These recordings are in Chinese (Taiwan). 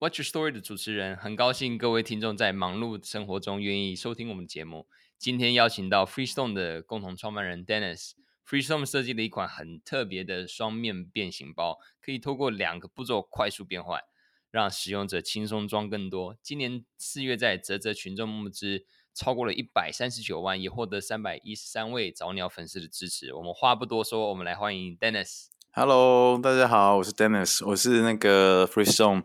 Watch Your Story 的主持人，很高興各位聽眾在忙碌生活中願意收聽我們的節目。今天邀請到 FREESTONE 的共同創辦人 Dennis。FREESTONE 設計了一款很特別的雙面變形包，可以透過兩個步驟快速變換，讓使用者輕鬆裝更多。今年四月在嘖嘖群眾募資超過了一百三十九萬，也獲得三百一十三位早鳥粉絲的支持。我們話不多說，我們來歡迎 Dennis。Hello，大家好，我是 Dennis，我是那個 FREESTONE。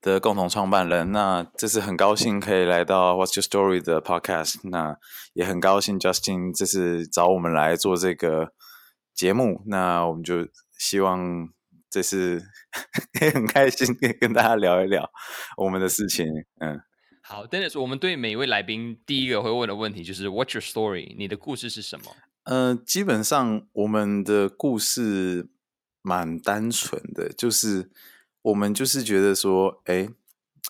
的共同創辦人，那這次很高興可以來到 What's Your Story 的 podcast，那也很高興 Justin 這次找我們來做這個節目，那我們就希望這次也很開心可以跟大家聊一聊我們的事情。嗯，好，Dennis，我們對每一位來賓第一個會問的問題就是 What's Your Story，你的故事是什麼？呃，基本上我們的故事蠻單純的，就是，我們就是覺得說，哎、欸，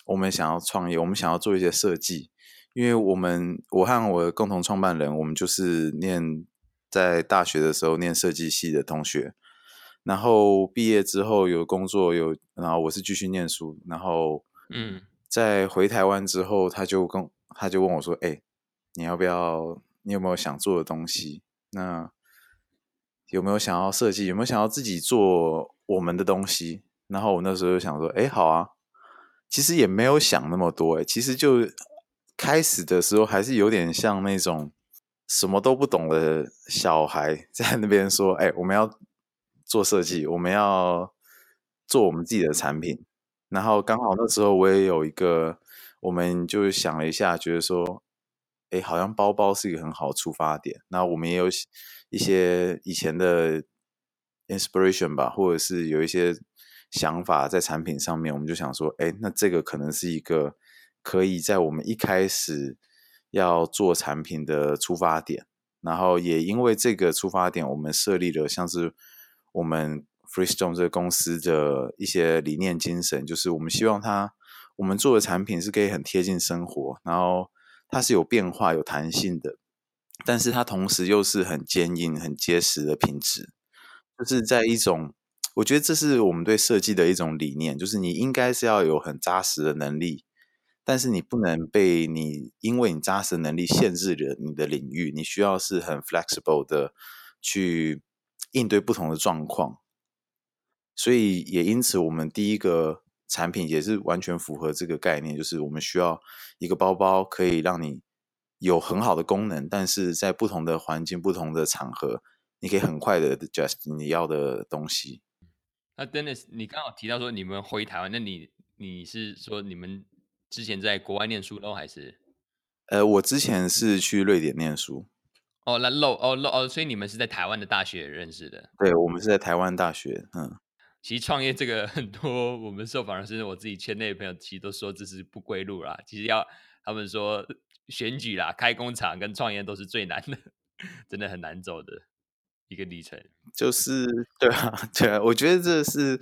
我們想要創業，我們想要做一些設計，因為我們我和我的共同創辦人，我們就是念在大學的時候念設計系的同學，然後畢業之後有工作，有然後我是繼續念書，然後嗯，在回台灣之後，他就跟他就問我說，哎、欸，你要不要？你有沒有想做的東西？那有沒有想要設計？有沒有想要自己做我們的東西？然後我那時候就想說，哎，好啊，其實也沒有想那麼多，哎，其實就開始的時候還是有點像那種什麼都不懂的小孩在那邊說，哎，我們要做設計，我們要做我們自己的產品。然後剛好那時候我也有一個，我們就想了一下，覺得說，哎，好像包包是一個很好的出發點。那我們也有一些以前的 inspiration 吧，或者是有一些。想法在產品上面，我們就想說，哎、欸，那這個可能是一個可以在我們一開始要做產品的出發點。然後也因為這個出發點，我們設立了像是我們 FREESTONE 這個公司的一些理念精神，就是我們希望它，我們做的產品是可以很貼近生活，然後它是有變化、有彈性的，但是它同時又是很堅硬、很結實的品質，就是在一種。我覺得這是我們對設計的一種理念，就是你應該是要有很紮實的能力，但是你不能被你因為你紮實的能力限制了你的領域。你需要是很 flexible 的去應對不同的狀況。所以也因此，我們第一個產品也是完全符合這個概念，就是我們需要一個包包可以讓你有很好的功能，但是在不同的環境、不同的場合，你可以很快的 adjust 你要的東西。那 Dennis，你剛好提到說你們回台灣，那你你是說你們之前在國外念書嘍？還是？呃，我之前是去瑞典念書。哦、嗯，那漏哦漏哦，所以你們是在台灣的大學認識的？對，我們是在台灣大學。嗯，其實創業這個，很多我們受訪的甚至我自己圈內的朋友，其實都說這是不歸路啦。其實要他們說選舉啦、開工廠跟創業都是最難的，真的很難走的。一個歷程，就是對啊，對啊，我覺得這是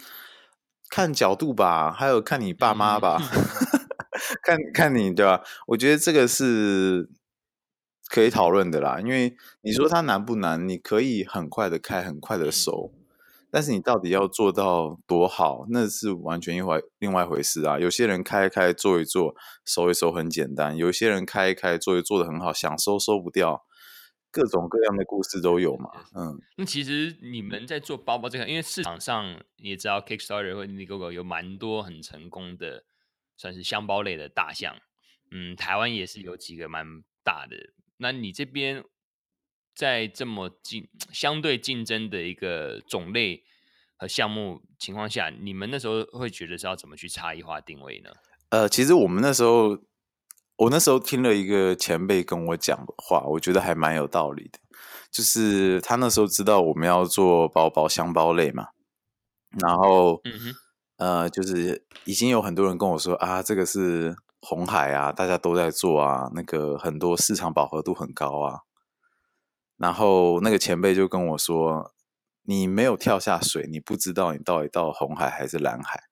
看角度吧，還有看你爸媽吧， 看看你對吧、啊？我覺得這個是可以討論的啦，因為你說它難不難？嗯、你可以很快的開，很快的收，嗯、但是你到底要做到多好，那是完全一回另外一回事啊。有些人開一開，做一做，收一收很簡單。有些人開一開，做一做的很好，想收收不掉。各種各樣的故事都有嘛？對對對，嗯，那其實你們在做包包這個，因為市場上也知道 Kickstarter 或 Indiegogo 有蠻多很成功的，算是箱包類的大項。嗯，台灣也是有幾個蠻大的。那你這邊在這麼競相對競爭的一個種類和項目情況下，你們那時候會覺得是要怎麼去差異化定位呢？呃，其實我們那時候。我那時候聽了一個前輩跟我講的話，我覺得還蠻有道理的。就是他那時候知道我們要做包包箱包類嘛，然後，嗯、哼呃，就是已經有很多人跟我說啊，這個是紅海啊，大家都在做啊，那個很多市場飽和度很高啊。然後那個前輩就跟我說：“你沒有跳下水，你不知道你到底到了紅海還是藍海。”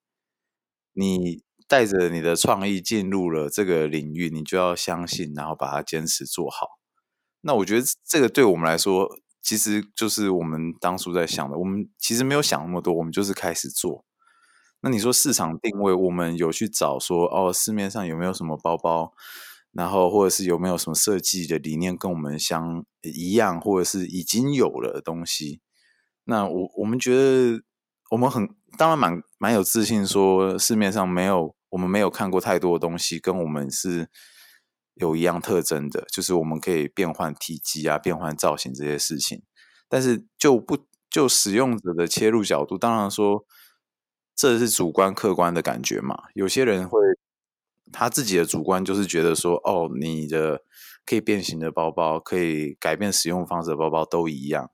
你。帶着你的創意進入了這個領域，你就要相信，然後把它堅持做好。那我覺得這個對我們來說，其實就是我們當初在想的，我們其實沒有想那麼多，我們就是開始做。那你說市場定位，我們有去找說，哦，市面上有沒有什麼包包，然後或者是有沒有什麼設計的理念跟我們相一樣，或者是已經有了的東西。那我我們覺得。我們很當然蠻蠻有自信說，市面上沒有我們沒有看過太多的東西跟我們是有一樣特徵的，就是我們可以變換體積啊，變換造型這些事情。但是就不就使用者的切入角度，當然說這是主觀客觀的感覺嘛。有些人會他自己的主觀就是覺得說，哦，你的可以變形的包包，可以改變使用方式的包包都一樣。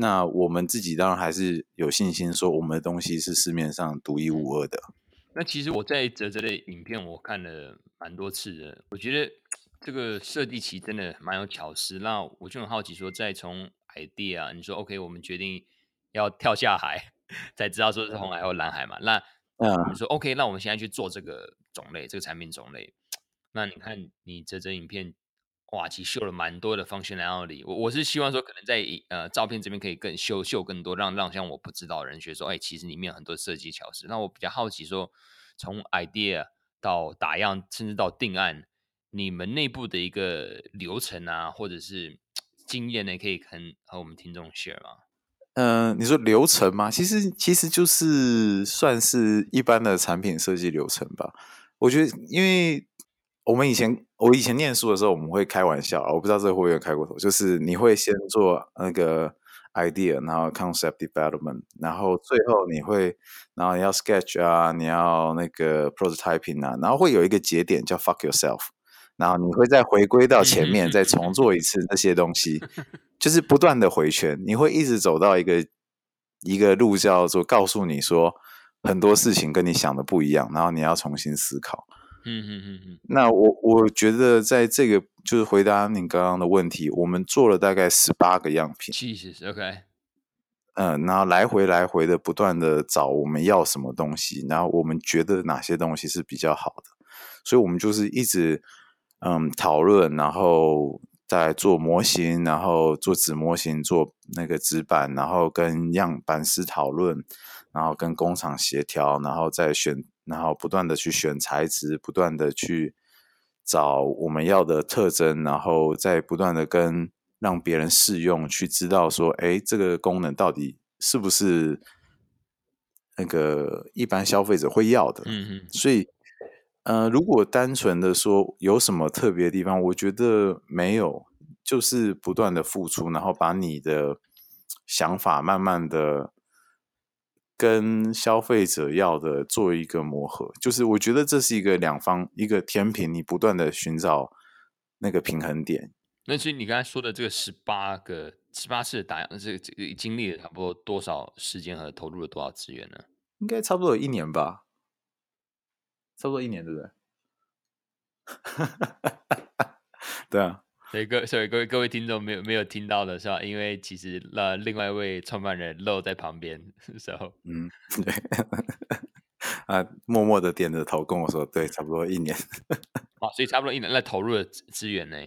那我們自己當然還是有信心，說我們的東西是市面上獨一無二的。那其實我在嘖嘖的影片我看了蠻多次的，我覺得這個設計其實真的蠻有巧思。那我就很好奇說，再從 idea，你說 OK，我們決定要跳下海，才知道說是紅海或藍海嘛？那嗯，你說 OK，那我們現在去做這個種類，這個產品種類。那你看你這支影片。哇，其實秀了蠻多的方向，然後裡我我是希望說，可能在呃照片這邊可以更秀秀更多，讓讓像我不知道的人學說，哎，其實裡面有很多設計巧思。那我比較好奇說，從 idea 到打樣，甚至到定案，你們內部的一個流程啊，或者是經驗呢，可以和和我們聽眾 share 嗎？嗯、呃，你說流程嗎？其實其實就是算是一般的產品設計流程吧。我覺得因為我們以前，我以前念書的時候，我們會開玩笑啊，我不知道這會不會開過頭，就是你會先做那個 idea，然後 concept development，然後最後你會，然後你要 sketch 啊，你要那個 prototyping 啊，然後會有一個節點叫 fuck yourself，然後你會再回歸到前面， 再重做一次那些東西，就是不斷的回圈，你會一直走到一個一個路叫做告訴你說很多事情跟你想的不一樣，然後你要重新思考。嗯嗯嗯嗯， 那我我覺得在這個就是回答你剛剛的問題，我們做了大概十八個樣品。Jeez, OK. 嗯，然後來回來回的不斷的找我們要什麼東西，然後我們覺得哪些東西是比較好的，所以我們就是一直嗯討論，然後再做模型，然後做紙模型，做那個紙板，然後跟樣板師討論，然後跟工廠協調，然後再選。然後不斷的去選材質，不斷的去找我們要的特徵，然後再不斷的跟讓別人試用，去知道說，哎，這個功能到底是不是那個一般消費者會要的。嗯哼。所以，呃，如果單純的說有什麼特別的地方，我覺得沒有，就是不斷的付出，然後把你的想法慢慢的。跟消費者要的做一個磨合，就是我覺得這是一個兩方一個天平，你不斷的尋找那個平衡點。那其實你剛才說的這個十八個、十八次的打樣，這這經歷了差不多多少時間和投入了多少資源呢？應該差不多有一年吧，差不多一年，對不對？ 對啊。所以各，所以各位各位聽眾沒有沒有聽到的是吧？因為其實那、呃、另外一位創辦人露在旁邊的時候，嗯，對， 啊，默默的點着頭跟我說，對，差不多一年。啊、所以差不多一年來 投入的資源呢，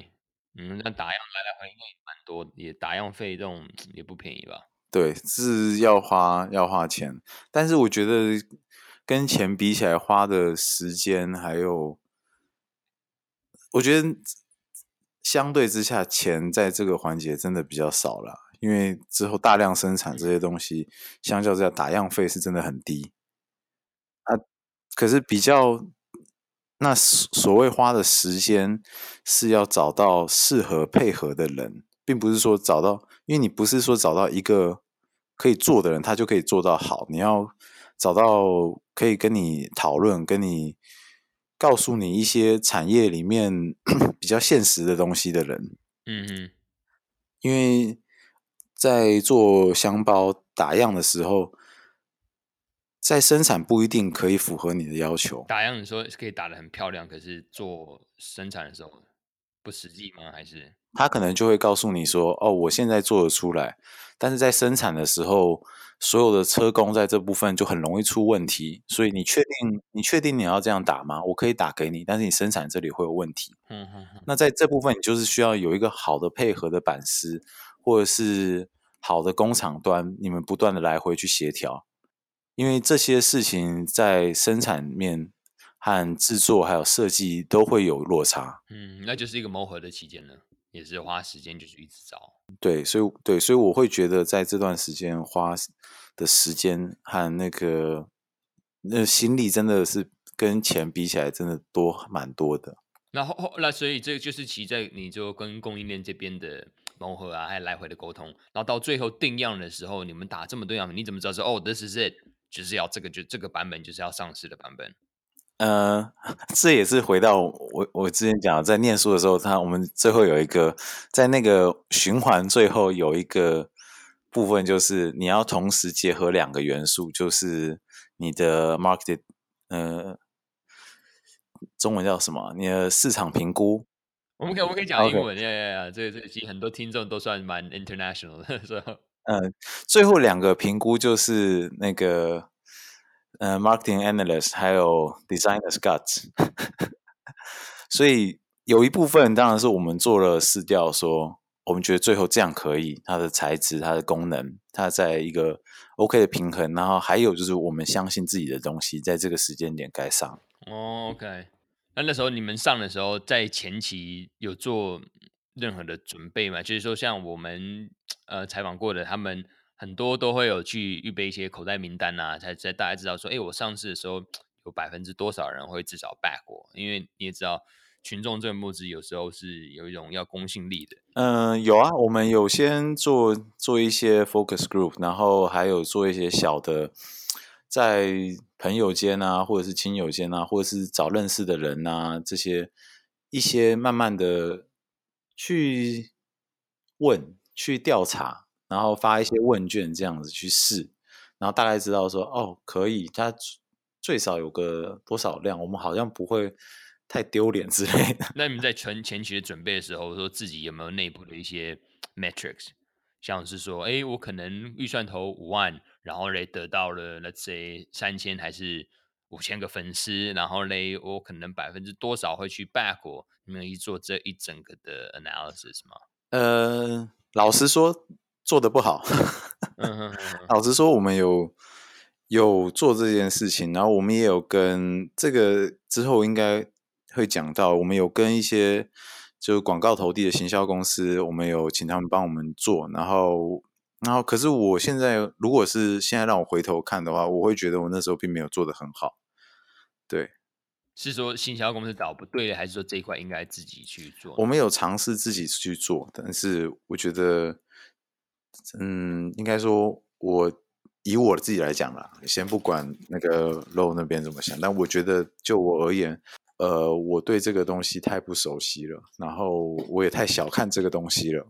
嗯，那打樣來來回回也蠻多，也打樣費這種也不便宜吧？對，是要花要花錢，嗯、但是我覺得跟錢比起來，花的時間還有，我覺得。相對之下，錢在這個環節真的比較少啦，因為之後大量生產這些東西，相較之下打樣費是真的很低。啊，可是比較，那所所謂花的時間是要找到適合配合的人，並不是說找到，因為你不是說找到一個可以做的人，他就可以做到好。你要找到可以跟你討論、跟你。告訴你一些產業裡面 比較現實的東西的人，嗯嗯哼，因為在做箱包打樣的時候，在生產不一定可以符合你的要求。打樣的時候可以打得很漂亮，可是做生產的時候不實際嗎？還是？他可能就會告訴你說：“哦，我現在做得出來，但是在生產的時候，所有的車工在這部分就很容易出問題。所以你確定你確定你要這樣打嗎？我可以打給你，但是你生產這裡會有問題。嗯嗯。嗯嗯，那在這部分，你就是需要有一個好的配合的板師，或者是好的工廠端，你們不斷的來回去協調，因為這些事情在生產面和製作還有設計都會有落差。嗯，那就是一個磨合的期間了。”也是花時間，就是一直找。對，所以對，所以我會覺得在這段時間花的時間和那個那個、心力真的是跟錢比起來，真的多蠻多的。然後那所以這個就是其在你就跟供應鏈這邊的磨合啊，還有來回的溝通，然後到最後定樣的時候，你們打這麼多樣，你怎麼知道說，哦，This is it，就是要這個就這個版本就是要上市的版本。呃，這也是回到我我之前講，在念書的時候，他我們最後有一個在那個循環最後有一個部分，就是你要同時結合兩個元素，就是你的 market 呃，中文叫什麼？你的市場評估？我們可以我們可以講英文，對對對，這個這個，其實很多聽眾都算蠻 international 的，所以呃，最後兩個評估就是那個。呃、uh,，marketing analyst 還有 designer's guts， 所以有一部分當然是我們做了試調，說我們覺得最後這樣可以，它的材質、它的功能，它在一個 OK 的平衡。然後還有就是我們相信自己的東西，在這個時間點該上。o、oh, k、okay. 那那時候你們上的時候，在前期有做任何的準備嗎？就是說像我們呃採訪過的他們。很多都會有去預備一些口袋名單吶、啊，才才大家知道說，哎、欸，我上市的時候有百分之多少人會至少 back 過？因為你也知道，群眾這個募資有時候是有一種要公信力的。嗯、呃，有啊，我們有先做做一些 focus group，然後還有做一些小的，在朋友間啊，或者是親友間啊，或者是找認識的人啊，這些一些慢慢的去問去調查。然後發一些問卷這樣子去試，然後大概知道說哦，可以，它最少有個多少量，我們好像不會太丟臉之類的。那你們在全前期的準備的時候，說自己有沒有內部的一些 metrics，像是說，哎，我可能預算投五萬，然後嘞得到了 let's say 三千還是五千個粉絲，然後嘞我可能百分之多少會去 back 我，你們有做這一整個的 analysis 嗎？呃，老實說。 做的不好，嗯哼哼， 老實說，我們有有做這件事情，然後我們也有跟這個之後應該會講到，我們有跟一些就是廣告投遞的行銷公司，我們有請他們幫我們做，然後然後可是我現在如果是現在讓我回頭看的話，我會覺得我那時候並沒有做得很好。對，是說行銷公司找不對，還是說這一塊應該自己去做？我們有嘗試自己去做，但是我覺得。嗯，應該說我，我以我自己來講啦，先不管那個羅那邊怎麼想，但我覺得就我而言，呃，我對這個東西太不熟悉了，然後我也太小看這個東西了。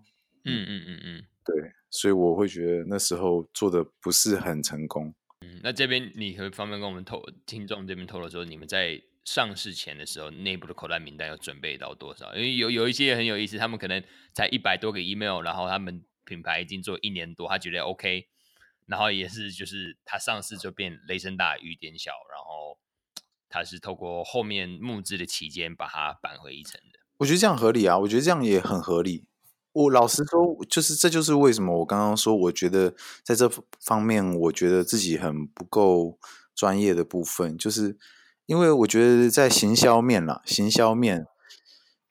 嗯嗯嗯嗯，嗯嗯嗯對，所以我會覺得那時候做的不是很成功。嗯，那這邊你可方便跟我們透聽眾這邊透露說，你們在上市前的時候，內部的口袋名單要準備到多少？因為有有一些很有意思，他們可能才一百多個 email，然後他們。品牌已經做一年多，他覺得 OK，然後也是就是他上市就變雷聲大雨點小，然後他是透過後面募資的期間把它扳回一城的。我覺得這樣合理啊，我覺得這樣也很合理。我老實說，就是這就是為什麼我剛剛說，我覺得在這方面我覺得自己很不夠專業的部分，就是因為我覺得在行銷面啦，行銷面，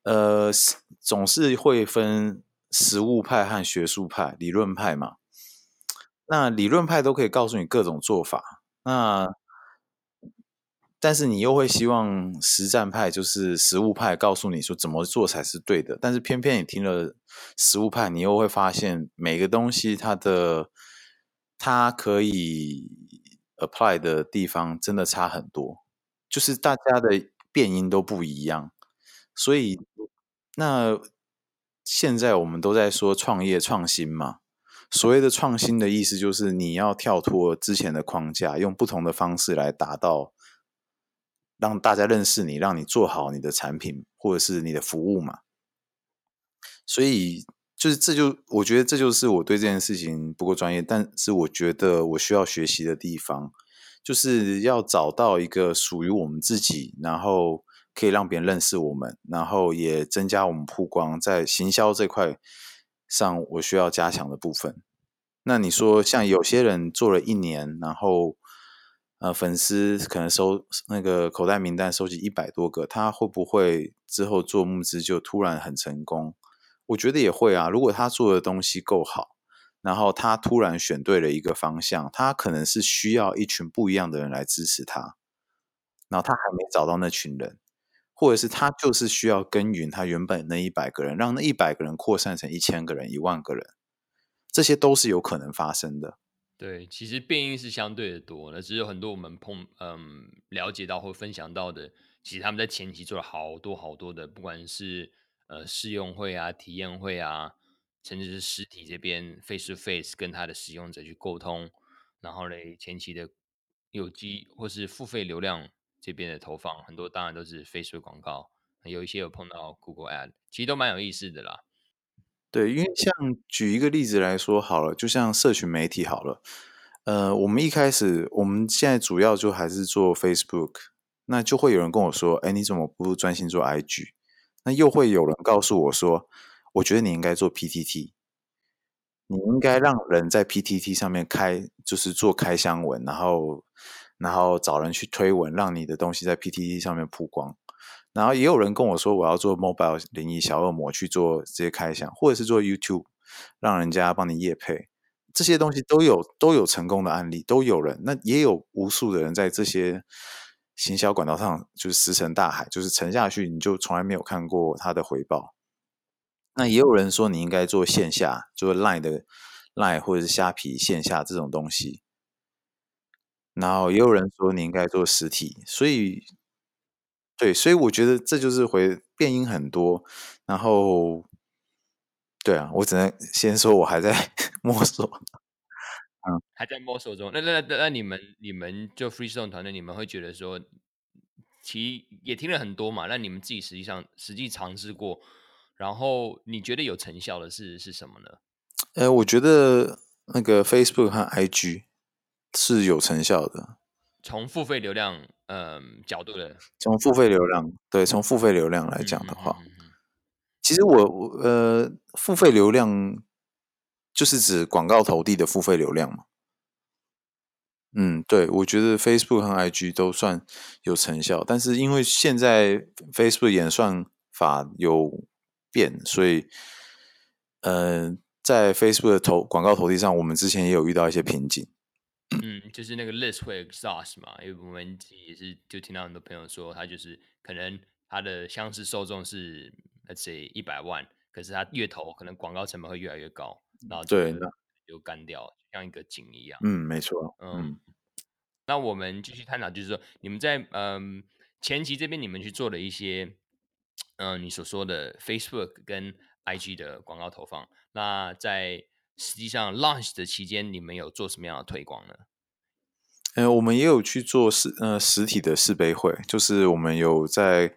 呃，總是會分。實務派和學術派、理論派嘛，那理論派都可以告訴你各種做法，那但是你又會希望實戰派，就是實務派告訴你說怎麼做才是對的，但是偏偏你聽了實務派，你又會發現每個東西它的它可以 apply 的地方真的差很多，就是大家的變因都不一樣，所以那。現在我們都在說創業創新嘛，所謂的創新的意思就是你要跳脫之前的框架，用不同的方式來達到讓大家認識你，讓你做好你的產品或者是你的服務嘛。所以，就是這就，我覺得這就是我對這件事情不夠專業，但是我覺得我需要學習的地方，就是要找到一個屬於我們自己，然後。可以讓別人認識我們，然後也增加我們曝光。在行銷這塊上，我需要加強的部分。那你說，像有些人做了一年，然後呃，粉絲可能收，那個口袋名單收集一百多個，他會不會之後做募資就突然很成功？我覺得也會啊。如果他做的東西夠好，然後他突然選對了一個方向，他可能是需要一群不一樣的人來支持他，然後他還沒找到那群人。或者是他就是需要耕耘他原本那一百個人，讓那一百個人擴散成一千個人、一萬個人，這些都是有可能發生的。對，其實變異是相對的多的，那只是很多我們碰嗯了解到或分享到的，其實他們在前期做了好多好多的，不管是呃試用會啊、體驗會啊，甚至是實體這邊 face to face 跟他的使用者去溝通，然後嘞前期的有機或是付費流量。這邊的投放很多，當然都是 Facebook 廣告，有一些有碰到 Google Ad，其實都蠻有意思的啦。對，因為像舉一個例子來說好了，就像社群媒體好了，呃，我們一開始我們現在主要就還是做 Facebook，那就會有人跟我說，哎，你怎麼不專心做 IG？那又會有人告訴我說，我覺得你應該做 PTT，你應該讓人在 PTT 上面開，就是做開箱文，然後。然後找人去推文，讓你的東西在 PTT 上面曝光。然後也有人跟我說，我要做 Mobile01 小惡魔，去做這些開箱，或者是做 YouTube，讓人家幫你業配。這些東西都有都有成功的案例，都有人。那也有無數的人在這些行銷管道上就是石沉大海，就是沉下去，你就從來沒有看過他的回報。那也有人說你應該做線下，做、就是、Line 的 Line 或者是蝦皮線下這種東西。然後也有人說你應該做實體，所以，對，所以我覺得這就是會變因很多。然後，對啊，我只能先說我還在摸索，嗯、還在摸索中。那那那，那你們你們就 FREESTONE 團隊，你們會覺得說，其，也聽了很多嘛，那你們自己實際上實際嘗試過，然後你覺得有成效的事是，是什麼呢？呃，我覺得那個 Facebook 和 IG。是有成效的，從付費流量嗯、呃、角度的，從付費流量對，從付費流量來講的話，嗯嗯嗯嗯嗯，其實我我呃付費流量就是指廣告投遞的付費流量嘛，嗯，對我覺得 Facebook 和 IG 都算有成效，但是因為現在 Facebook 演算法有變，所以嗯、呃，在 Facebook 的投廣告投遞上，我們之前也有遇到一些瓶頸。 嗯，就是那個 list 會 exhaust 嘛，因為我們也是就聽到很多朋友說，他就是可能他的相似受眾是 let's say 一百萬，可是他越投，可能廣告成本會越來越高，對然後對，那就乾掉，就像一個井一樣。嗯，沒錯。嗯，嗯那我們繼續探討，就是說你們在嗯前期這邊你們去做的一些，嗯，你所說的 Facebook 跟 IG 的廣告投放，那在。實際上，launch 的期間你們有做什麼樣的推廣呢？呃，我們也有去做實呃實體的試背會，就是我們有在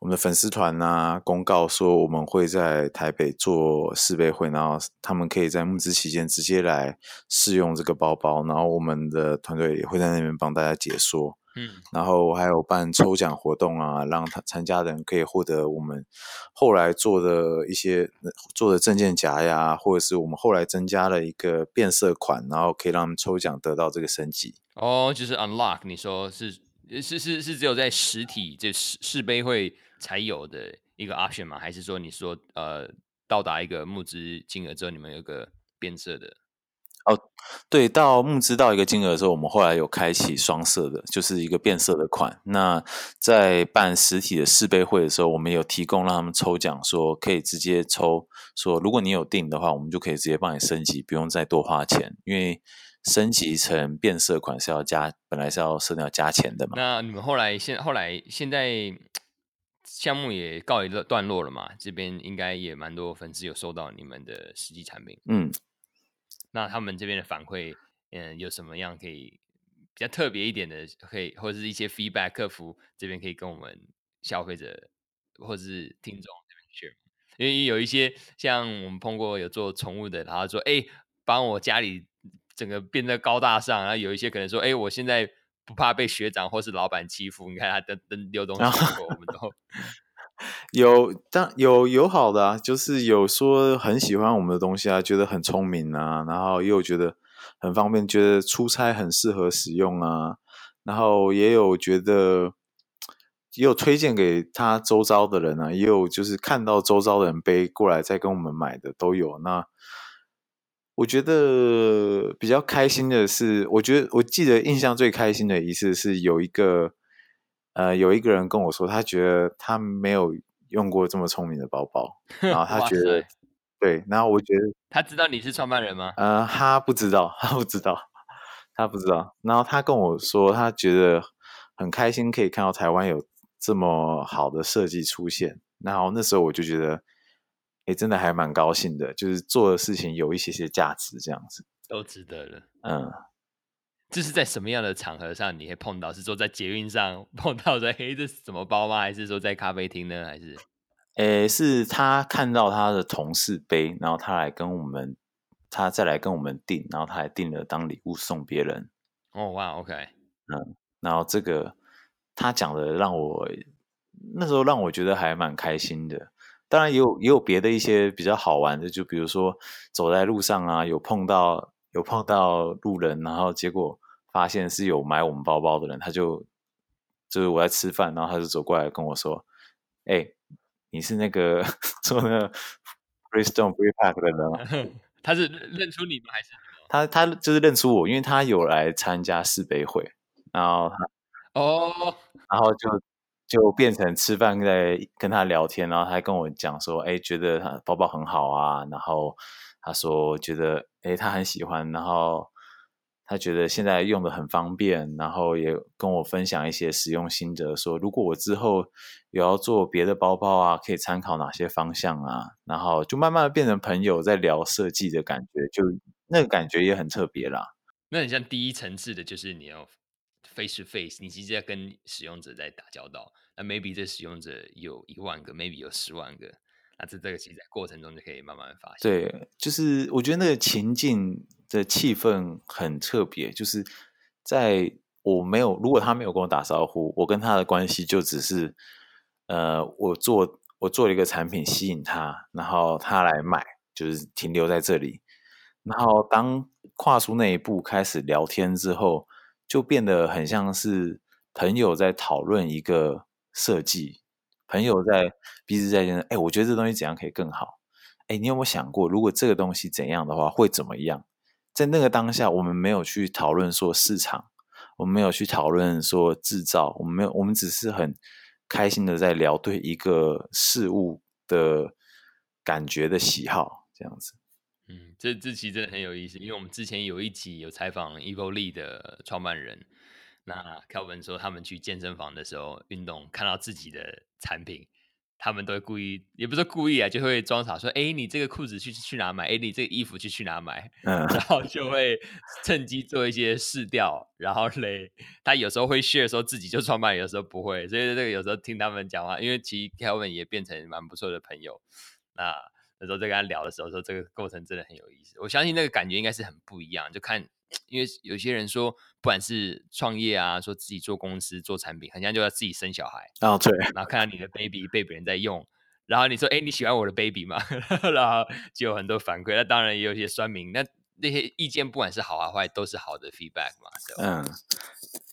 我們的粉絲團啊，公告說我們會在台北做試背會，然後他們可以在募資期間直接來試用這個包包，然後我們的團隊也會在那邊幫大家解說。嗯，然後還有辦抽獎活動啊，讓他參加的人可以獲得我們後來做的一些做的證件夾呀，或者是我們後來增加了一個變色款，然後可以讓他們抽獎得到這個升級。哦，就是 unlock，你說是是是是只有在實體就是世世杯會才有的一個 option 嗎？還是說你說呃到達一個募資金額之後，你們有個變色的？哦，對，到募資到一個金額的時候，我們後來有開啟雙色的，就是一個變色的款。那在辦實體的試背會的時候，我們有提供讓他們抽獎說，說可以直接抽，說如果你有訂的話，我們就可以直接幫你升級，不用再多花錢，因為升級成變色款是要加，本來是要是要加錢的嘛。那你們後來現後來現在項目也告一段落了嘛？這邊應該也蠻多粉絲有收到你們的實際產品，嗯。那他們這邊的反饋，嗯，有什麼樣可以比較特別一點的？可以或者是一些 feedback，客服這邊可以跟我們消費者或者是聽眾這邊 share，因為有一些像我們碰過有做寵物的，然後說，哎、欸，幫我家裡整個變得高大上，然後有一些可能說，哎、欸，我現在不怕被學長或是老板欺負，你看他都噔丟東西我們都。 有，但有有好的啊，就是有說很喜歡我們的東西啊，覺得很聰明啊，然後又覺得很方便，覺得出差很適合使用啊，然後也有覺得，也有推薦給他周遭的人啊，也有就是看到周遭的人背過來再跟我們買的都有。那我覺得比較開心的是，我覺得我記得印象最開心的一次是有一個。呃，有一個人跟我說，他覺得他沒有用過這麼聰明的包包，然後他覺得呵呵，哇塞，對，然後我覺得他知道你是創辦人嗎？呃，他不知道，他不知道，他不知道。然後他跟我說，他覺得很開心，可以看到台灣有這麼好的設計出現。然後那時候我就覺得，誒、欸、真的還蠻高興的，就是做的事情有一些些價值這樣子，都值得了，嗯。這是在什麼樣的場合上你會碰到？是說在捷運上碰到的？嘿，這是什麼包嗎？還是說在咖啡廳呢？還是？誒、欸，是他看到他的同事背，然後他來跟我們，他再來跟我們訂，然後他還訂了當禮物送別人。哦，哇，OK，嗯，然後這個他講的讓我那時候讓我覺得還蠻開心的。當然也有也有別的一些比較好玩的，就比如說走在路上啊，有碰到。有碰到路人，然後結果發現是有買我們包包的人，他就就是我在吃飯，然後他就走過來跟我說：“哎、欸，你是那個做那個 FREESTONE Briefpack 的人嗎？” 他是認出你嗎？還是他他就是認出我，因為他有來參加試背會，然後他哦，oh. 然後就就變成吃飯在跟他聊天，然後他還跟我講說：“哎、欸，覺得包包很好啊。”然後。他說覺得誒、欸，他很喜歡，然後他覺得現在用的很方便，然後也跟我分享一些使用心得，說如果我之後有要做別的包包啊，可以參考哪些方向啊，然後就慢慢的變成朋友在聊設計的感覺，就那個感覺也很特別啦。那你像第一層次的就是你要 face to face，你其實在跟使用者在打交道，那 maybe 這使用者有一萬個，maybe 有十萬個。那這這個其實在過程中就可以慢慢發現。對，就是我覺得那個情境的氣氛很特別，就是在我沒有，如果他沒有跟我打招呼，我跟他的關係就只是，呃，我做我做了一個產品吸引他，然後他來買，就是停留在這裡。然後當跨出那一步開始聊天之後，就變得很像是朋友在討論一個設計。朋友在彼此在說：“誒、欸、我覺得這東西怎樣可以更好？哎、欸，你有沒有想過，如果這個東西怎樣的話，會怎麼樣？”在那個當下，我們沒有去討論說市場，我們沒有去討論說製造，我們沒有，我們只是很開心的在聊對一個事物的感覺的喜好這樣子。嗯，這這期真的很有意思，因為我們之前有一集有採訪 Evoli 的創辦人。那 Kevin 說，他們去健身房的時候運動，看到自己的產品，他們都會故意，也不是故意啊，就會裝傻說：“哎，你這個褲子去去哪買？哎，你這個衣服去去哪買？”然後就會趁機做一些市調。然後嘞，他有時候會 share 說自己就創辦，有時候不會。所以這個有時候聽他們講話，因為其實 Kevin 也變成蠻不錯的朋友。那。那時候在跟他聊的時候，說這個過程真的很有意思。我相信那個感覺應該是很不一樣。就看，因為有些人說，不管是創業啊，說自己做公司做產品，很像就要自己生小孩啊。Oh, 對。然後看到你的 baby 被別人在用，然後你說：“哎，你喜歡我的 baby 嗎？” 然後就有很多反饋。那當然也有些酸民，那那些意見不管是好還是壞，都是好的 feedback 嘛。對嗯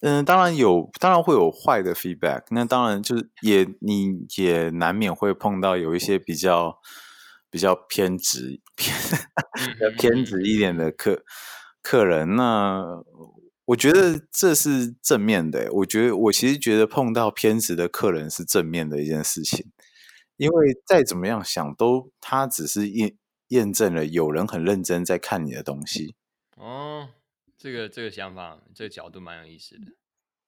嗯，當然有，當然會有壞的 feedback。那當然就是也、嗯、你也難免會碰到有一些比較。比較偏執、偏偏執一點的客 客人，那我覺得這是正面的。我覺得我其實覺得碰到偏執的客人是正面的一件事情，因為再怎麼樣想都，他只是驗驗證了有人很認真在看你的東西。哦，這個這個想法，這個角度蠻有意思的。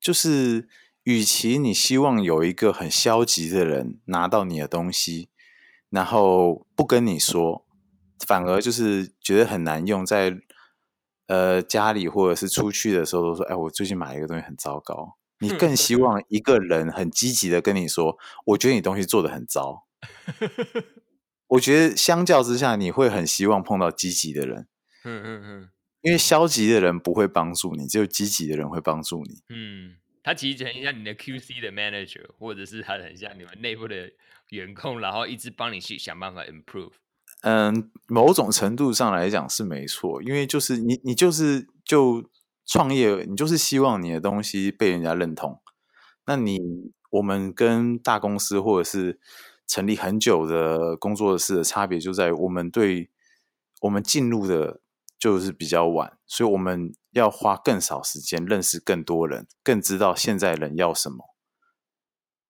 就是，與其你希望有一個很消極的人拿到你的東西。然後不跟你說，反而就是覺得很難用。在呃家裡或者是出去的時候，都說：“哎，我最近買一個東西很糟糕。”你更希望一個人很積極的跟你說：“我覺得你東西做得很糟。” 我覺得相較之下，你會很希望碰到積極的人。嗯嗯 因為消極的人不會幫助你，只有積極的人會幫助你。嗯，他其實很像你的 QC 的 manager，或者是他很像你們內部的。管控，然後一直幫你去想辦法 improve。嗯，某種程度上來講是沒錯，因為就是你，你就是就創業，你就是希望你的東西被人家認同。那你我們跟大公司或者是成立很久的工作室的差別就在於我們對於我們進入的就是比較晚，所以我們要花更少時間認識更多人，更知道現在人要什麼。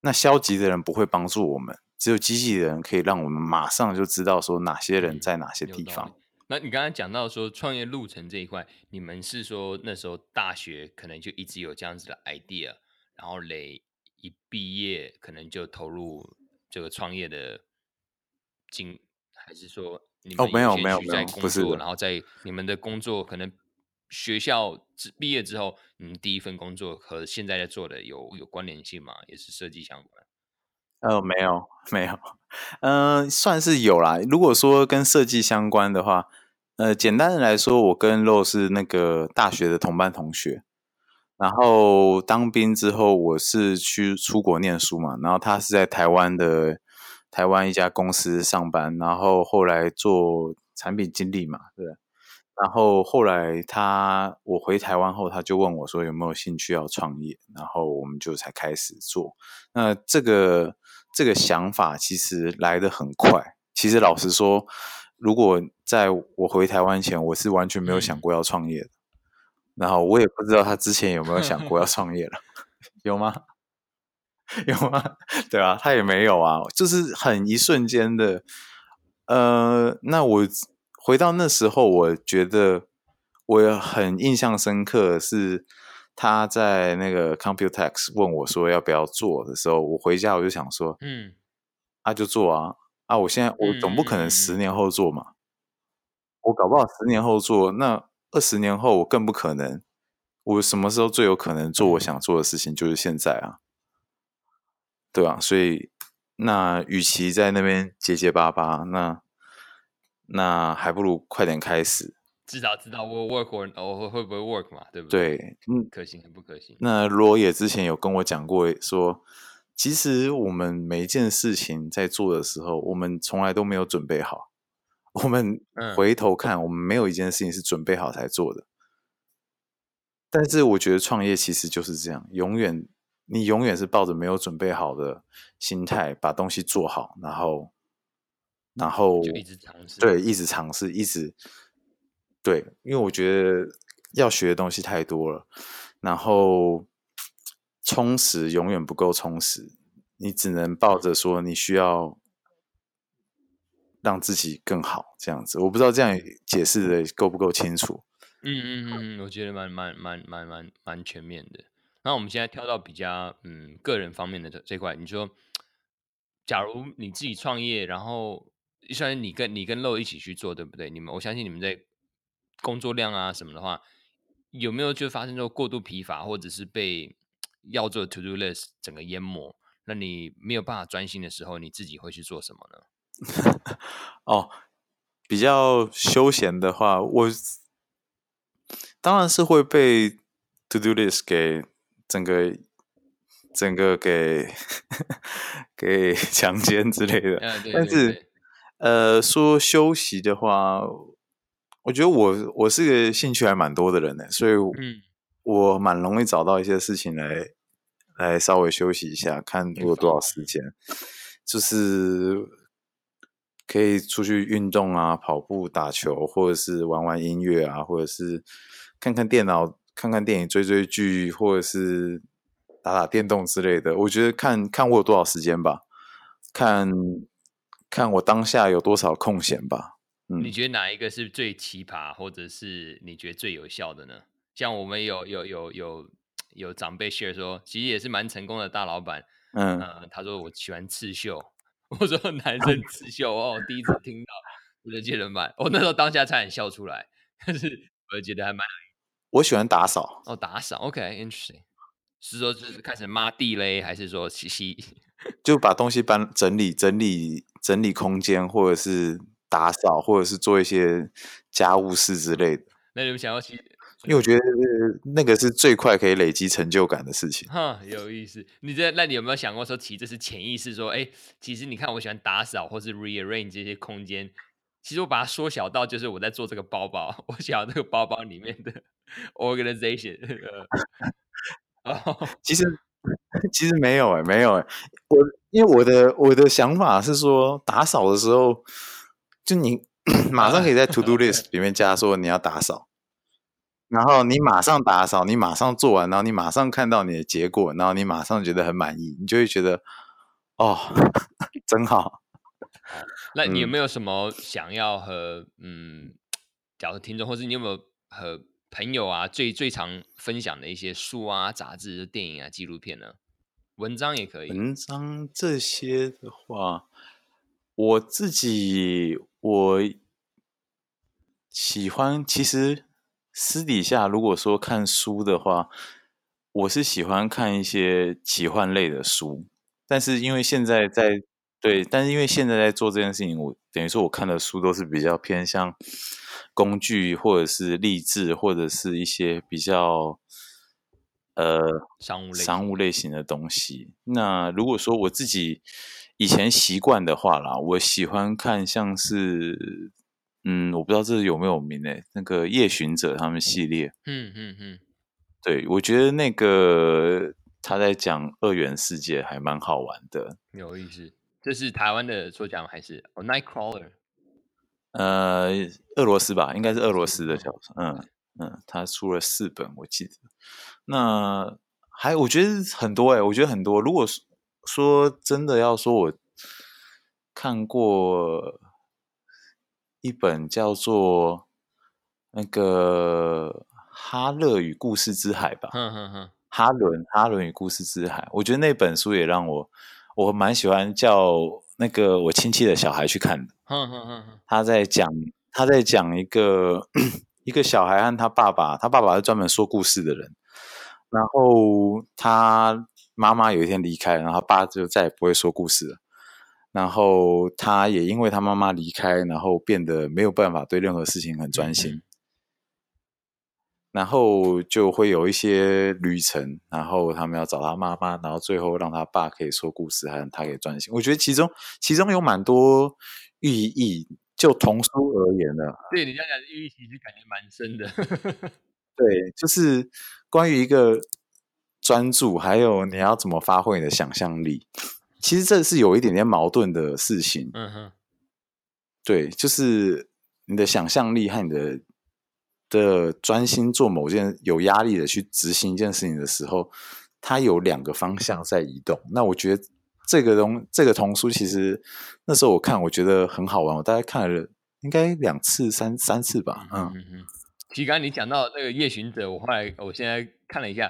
那消極的人不會幫助我們。只有機器人可以讓我們馬上就知道說哪些人在哪些地方。那你剛剛講到說創業路程這一塊，你們是說那時候大學可能就一直有這樣子的 idea，然後累一畢業可能就投入這個創業的經，還是說你們有一些去在工作，哦、沒有沒有，然後在你們的工作可能學校畢業之後，你們第一份工作和現在在做的有有關聯性嗎？也是設計相關的。呃、哦，沒有，沒有，嗯、呃，算是有啦。如果說跟設計相關的話，呃，簡單的來說，我跟肉是那個大學的同班同學，然後當兵之後，我是去出國念書嘛，然後他是在台灣的台灣一家公司上班，然後後來做產品經理嘛，對。然後後來他我回台灣後，他就問我說有沒有興趣要創業，然後我們就才開始做。那這個。這個想法其實來得很快。其實老實說，如果在我回台灣前，我是完全沒有想過要創業，嗯、然後我也不知道他之前有沒有想過要創業了， 有嗎？有嗎？對吧，啊？他也沒有啊，就是很一瞬間的。呃，那我回到那時候，我覺得我很印象深刻是。他在那個 Computex 問我說要不要做的時候，我回家我就想說，嗯，啊就做啊！啊，我現在我總不可能十年後做嘛，嗯嗯嗯，我搞不好十年後做，那二十年後我更不可能。我什麼時候最有可能做我想做的事情，就是現在啊，對吧，啊？所以那與其在那邊結結巴巴，那那還不如快點開始。至少知道我 work 會會不會 work 嘛？對不對？對，嗯，可行很不可行。那羅野之前有跟我講過說，說其實我們每一件事情在做的時候，我們從來都沒有準備好。我們回頭看，嗯、我們沒有一件事情是準備好才做的。但是我覺得創業其實就是這樣，永遠你永遠是抱着沒有準備好的心態，把東西做好，然後，然後就一直嘗試，對，一直嘗試，一直。對，因為我覺得要學的東西太多了，然後充實永遠不夠充實，你只能抱着說你需要讓自己更好這樣子。我不知道這樣解釋得夠不夠清楚。嗯嗯嗯，我覺得蠻蠻蠻蠻蠻，蠻，蠻全面的。那我們現在跳到比較嗯個人方面的這塊，你說，假如你自己創業，然後算你跟你跟露一起去做，對不對？你們我相信你們在。工作量啊什麼的話，有沒有就發生過過度疲乏，或者是被要做 to do list 整個淹沒，那你沒有辦法專心的時候，你自己會去做什麼呢？ 哦，比較休閒的話，我當然是會被 to do list 給整個整個給 給強姦之類的。嗯，對。但是呃，說休息的話。我覺得我我是一個興趣還蠻多的人呢，所以我蠻容易找到一些事情來、嗯、來稍微休息一下，看我有多少時間，嗯、就是可以出去運動啊，跑步、打球，或者是玩玩音樂啊，或者是看看電腦、看看電影、追追劇，或者是打打電動之類的。我覺得看看我有多少時間吧，看看我當下有多少空閒吧。嗯、你覺得哪一個是最奇葩，或者是你覺得最有效的呢？像我們有有有有有長輩 share 說，其實也是蠻成功的大老板。嗯、呃，他說我喜歡刺繡。我說男生刺繡 哦，我第一次聽到，我能接人板。我、 哦、那時候當下差點笑出來，但是我覺得還蠻我喜歡打掃。哦，打掃，OK，interesting。Okay, interesting. 是說就是開始抹地嘞，還是說其實就把東西搬整理、整理、整理空間，或者是？打掃或者是做一些家務事之類的、嗯，那你們想要去？因為我覺得那個是最快可以累積成就感的事情。哈，有意思。你這那你有沒有想過說，其實這是潛意識說，哎、欸，其實你看，我喜歡打掃或是 rearrange 這些空間。其實我把它縮小到就是我在做這個包包，我想要這個包包裡面的 organization。 其實其實沒有哎、欸，沒有哎、欸。我因為我的我的想法是說，打掃的時候。就你馬上可以在 To Do List 裡面加說你要打掃， 然後你馬上打掃，你馬上做完，然後你馬上看到你的結果，然後你馬上覺得很滿意，你就會覺得哦，真好。 那你有沒有什麼想要和嗯，假如聽眾或是你有沒有和朋友啊最最常分享的一些書啊、雜誌、電影啊、紀錄片呢？文章也可以。文章這些的話，我自己。我喜歡，其實私底下如果說看書的話，我是喜歡看一些奇幻類的書。但是因為現在在，對，但是因為現在在做這件事情，我等於說我看的書都是比較偏向工具，或者是勵志，或者是一些比較呃商務類商務類型的東西。那如果說我自己。以前習慣的話啦，我喜歡看像是，嗯，我不知道這有沒有名呢、欸？那個《夜巡者》他們系列，嗯嗯嗯，嗯嗯嗯對，我覺得那個他在講二元世界，還蠻好玩的，有意思。這是台灣的作家嗎？還是哦、oh,，Nightcrawler？呃，俄羅斯吧，應該是俄羅斯的小說，嗯嗯，他出了四本，我記得。那還我覺得很多哎、欸，我覺得很多。如果是說真的，要說我看過一本叫做《那個哈樂與故事之海》吧。哈倫，哈倫與故事之海，我覺得那本書也讓我我蠻喜歡叫那個我親戚的小孩去看的。他在講他在講一個一個小孩和他爸爸，他爸爸是專門說故事的人，然後他。媽媽有一天離開，然後他爸就再也不會說故事了。然後他也因為他媽媽離開，然後變得沒有辦法對任何事情很專心。嗯、然後就會有一些旅程，然後他們要找他媽媽，然後最後讓他爸可以說故事，還讓他給專心。我覺得其中其中有蠻多寓意，就童書而言的，啊。對你這樣講，寓意其實感覺蠻深的。 對，就是關於一個。專注，還有你要怎麼發揮你的想象力？其實這是有一點點矛盾的事情。嗯哼，對，就是你的想象力和你的的專心做某件有壓力的去執行一件事情的時候，它有兩個方向在移動。那我覺得這個東這個童書，其實那時候我看，我覺得很好玩。我大概看了應該兩次、三三次吧。嗯嗯嗯。其實剛，你講到那個《夜行者》，我後來我現在看了一下。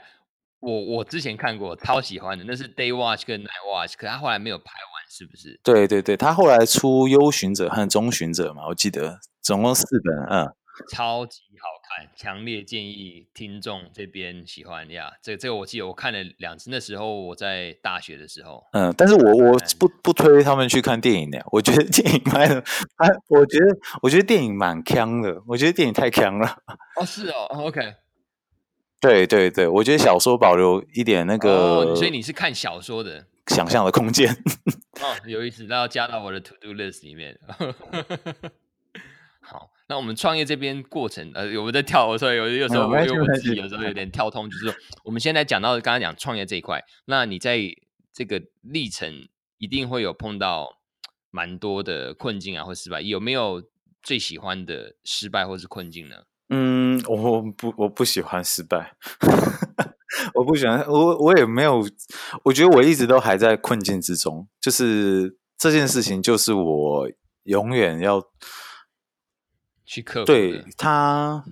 我我之前看過，超喜歡的，那是《Day Watch》跟《Night Watch》，可他後來沒有拍完，是不是？對對對，他後來出《幽巡者》和《終巡者》嘛，我記得總共四本，嗯。超級好看，強烈建議聽眾這邊喜歡呀。這個、這個我記得我看了兩次，那時候我在大學的時候。嗯，但是我我不不推他們去看電影的，我覺得電影拍的、啊，我覺得我覺得電影蠻坑的，我覺得電影太坑了。哦，是哦，OK。對對對，我覺得小說保留一點那個，oh, 所以你是看小說的，想象的空間，哦，有意思，那要加到我的 to do list 裡面。 好，那我們創業這邊過程，呃，我們在跳，我說有有時候，我自己有時候有點跳通，就是說我們現在講到剛剛講創業這一塊，那你在這個歷程一定會有碰到蠻多的困境啊，或失敗，有沒有最喜歡的失敗或是困境呢？嗯，我不，我不喜歡失敗。 我不喜歡，我我也沒有，我覺得我一直都還在困境之中。就是這件事情，就是我永遠要去克服。對他，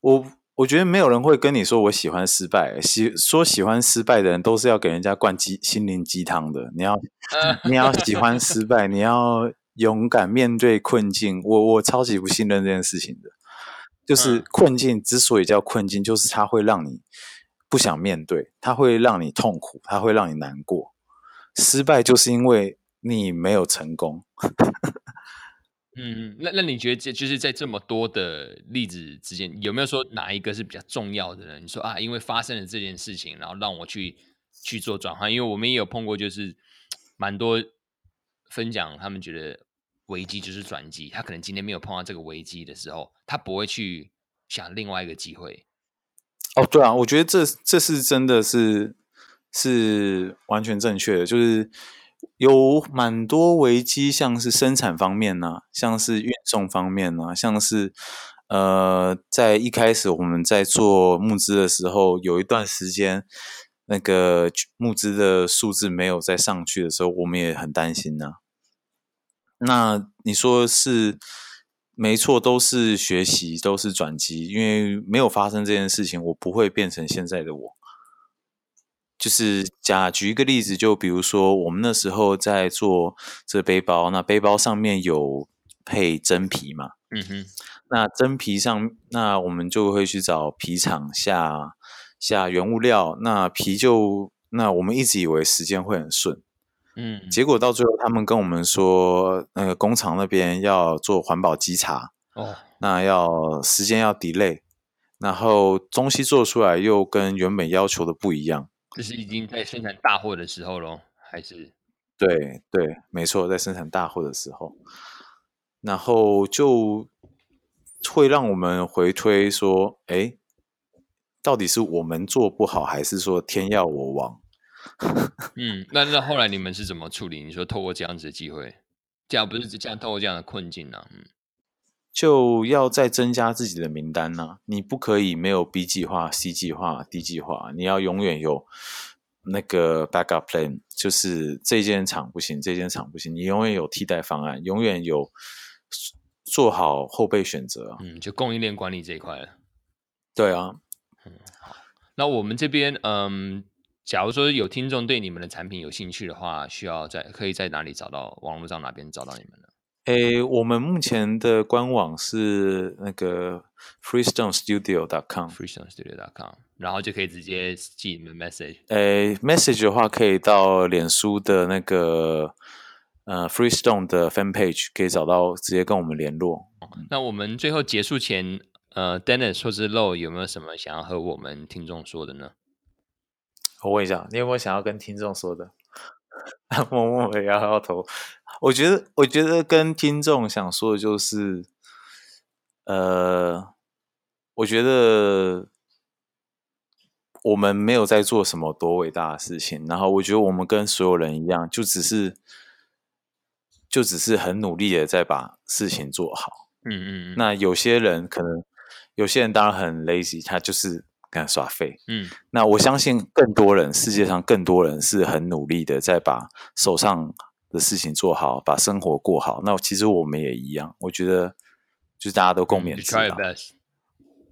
我我覺得沒有人會跟你說我喜歡失敗。喜說喜歡失敗的人，都是要給人家灌雞心靈雞湯的。你要， 你要喜歡失敗，你要勇敢面對困境。我我超級不信任這件事情的。就是困境之所以叫困境，就是它會讓你不想面對，它會讓你痛苦，它會讓你難過。失敗就是因為你沒有成功。 嗯，那那你覺得，這就是在這麼多的例子之間，有沒有說哪一個是比較重要的呢？你說啊，因為發生了這件事情，然後讓我去去做轉換。因為我們也有碰過，就是蠻多分享，他們覺得。危機就是轉機，他可能今天沒有碰到這個危機的時候，他不會去想另外一個機會。哦，對啊，我覺得這這是真的是是完全正確的，就是有蠻多危機，像是生產方面呢，像是運送方面呢，像是呃，在一開始我們在做募資的時候，有一段時間那個募資的數字沒有再上去的時候，我們也很擔心呢。那你說是，沒錯，都是學習，都是轉機。因為沒有發生這件事情，我不會變成現在的我。就是假舉一個例子，就比如說我們那時候在做這背包，那背包上面有配真皮嘛，嗯哼。那真皮上，那我們就會去找皮廠下下原物料。那皮就，那我們一直以為時間會很順。嗯，結果到最後，他們跟我們說，那個工廠那邊要做環保稽查哦，那要時間要 delay，然後東西做出來又跟原本要求的不一樣，這是已經在生產大貨的時候咯，還是？對對，沒錯，在生產大貨的時候，然後就會讓我們回推說，誒，到底是我們做不好，還是說天要我亡？ 嗯，那那後來你們是怎麼處理？你說透過這樣子的機會，這樣不是只這樣透過這樣的困境呢、啊？嗯，就要再增加自己的名單呢、啊。你不可以沒有 B 計劃、C 計劃、D 計劃，你要永遠有那個 backup plan，就是這間廠不行，這間廠不行，你永遠有替代方案，永遠有做好後備選擇。嗯，就供應鏈管理這一塊了。對啊，嗯，好，那我們這邊嗯。假如說有聽眾對你們的產品有興趣的話，需要在可以在哪裡找到？網絡上哪邊找到你們呢？誒、欸，我們目前的官網是那個 freestonestudio.com，freestonestudio.com，然後就可以直接寄你們 message。誒、欸，message 的話可以到臉書的那個呃 freestone 的 fan page 可以找到，直接跟我們聯絡。那我們最後結束前，呃，Dennis 或是 Low 有沒有什麼想要和我們聽眾說的呢？我問一下，你有沒有想要跟聽眾說的？默默的搖搖頭。我覺得，我覺得跟聽眾想說的就是，呃，我覺得我們沒有在做什麼多偉大的事情。然後，我覺得我們跟所有人一樣，就只是，就只是很努力的在把事情做好。嗯嗯。那有些人可能，有些人當然很 lazy，他就是。看耍廢，嗯，那我相信更多人，世界上更多人是很努力的，在把手上的事情做好，把生活過好。那其實我們也一樣，我覺得就大家都共勉之啊。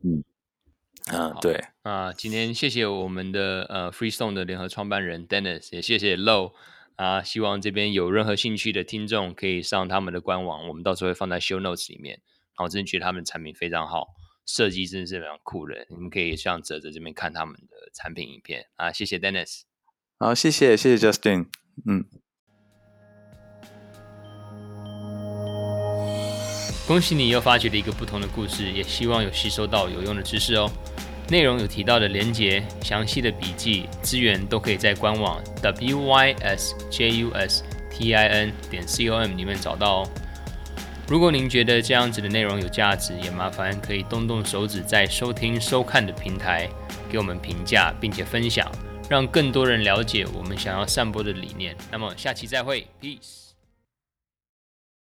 嗯嗯，呃、好對啊，今天謝謝我們的呃 FREESTONE 的聯合創辦人 Dennis，也謝謝 Low 啊，希望這邊有任何興趣的聽眾可以上他們的官網，我們到時候會放在 Show Notes 裡面。然、啊、真覺得他們的產品非常好。設計真的是非常酷人，你們可以向嘖嘖這邊看他們的產品影片啊！謝謝 Dennis，好，謝謝謝謝 Justin，嗯，恭喜你又發掘了一個不同的故事，也希望有吸收到有用的知識哦。內容有提到的連結、詳細的筆記、資源都可以在官網 w y s j u、嗯、s t i n 點 c o m 裡面找到哦。如果您覺得這樣子的內容有價值，也麻煩可以動動手指，在收聽收看的平台給我們評價，並且分享，讓更多人了解我們想要散播的理念。那麼下期再會，Peace。